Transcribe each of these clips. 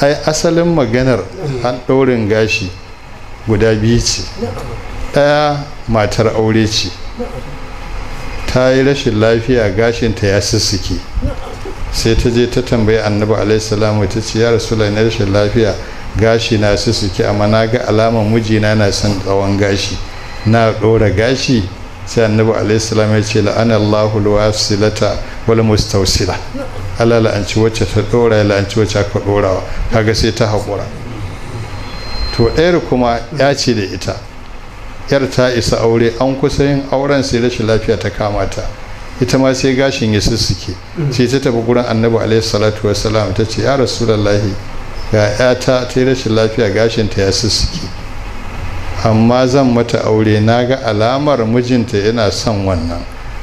ai asalin maganar an ɗaurin gashi guda biyu ce ɗaya matar aure ce ta yi rashin lafiya gashinta ya sissuke sai ta je ta tambayi annabi alaihi ta ce ya rasu na rashin lafiya gashi na sissuke amma na ga alamar mijina na son tsawon gashi na ɗora gashi sai annabi alaihi salam ya ce la'ana Allahu alwasilata wal mustawsila Allah la'anci wacce ta dora la'anci wacce aka dorawa kaga sai ta haƙura. to ɗayar kuma ya ce da ita yar ta isa aure an kusa yin auren sai rashin lafiya ta kama ta ita ma sai gashin ya sussuke sai ta tafi gurin annabi alaihi salatu ta ce ya rasulullahi ga 'yata ta yi rashin lafiya gashin ta ya sussuke amma zan mata aure na ga alamar mijinta yana son wannan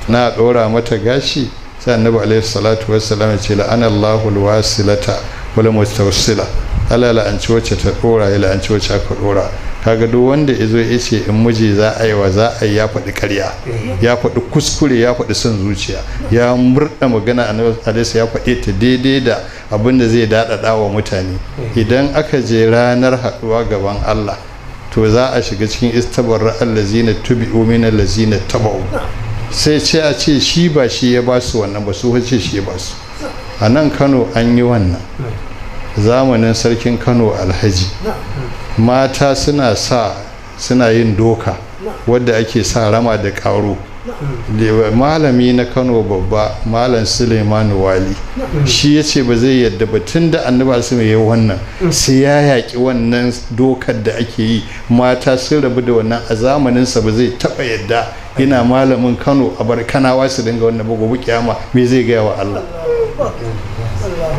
na ɗora mata gashi sai annabi alaihi salatu wassalam ya ce la'ana Allahu alwasilata wal mustawsila Allah la'anci wace ta ɗora ya la'anci wace aka ɗora kaga duk wanda yazo ya ce in miji za a yi wa za a yi ya faɗi karya ya faɗi kuskure ya faɗi son zuciya ya murɗa magana alisa ya faɗe ta daidai da abin da zai daɗaɗa wa mutane idan aka je ranar haɗuwa gaban allah to za a shiga cikin istabarra allazina tubi'u min allazina taba'u sai ce a ce shi ba shi ya ba su wannan ba su ce shi ya ba su a nan Kano an yi wannan zamanin sarkin Kano Alhaji mata suna sa suna yin doka wadda ake sa rama da karo da malami na kano babba malam suleiman wali shi ya ce ba zai yadda ba tun da annaba su mai wannan sai ya yaƙi wannan dokar da ake yi mata sun rabu da wannan a zamaninsa ba zai taɓa yadda yana malamin kano a barkanawa su dinga wannan ba gobe kyama me zai gaya wa allah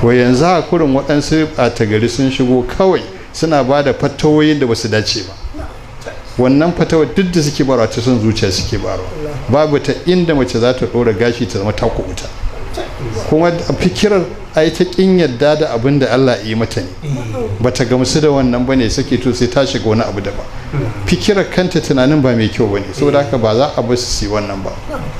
wa yanzu a kurin waɗansu ɓata gari sun shigo kawai suna ba da fatawoyin da ba su dace ba wannan fatawar duk da suke barawa ta son zuciya suke barawa babu ta inda mace za ta ɗora gashi ta zama ta kubuta kuma fikirar ai ta kin yadda da abin da Allah ya yi mata ne bata gamsu da wannan bane sake to sai ta shiga wani abu daba fikirar kanta tunanin ba mai kyau ba bane saboda haka ba za a bar su wannan ba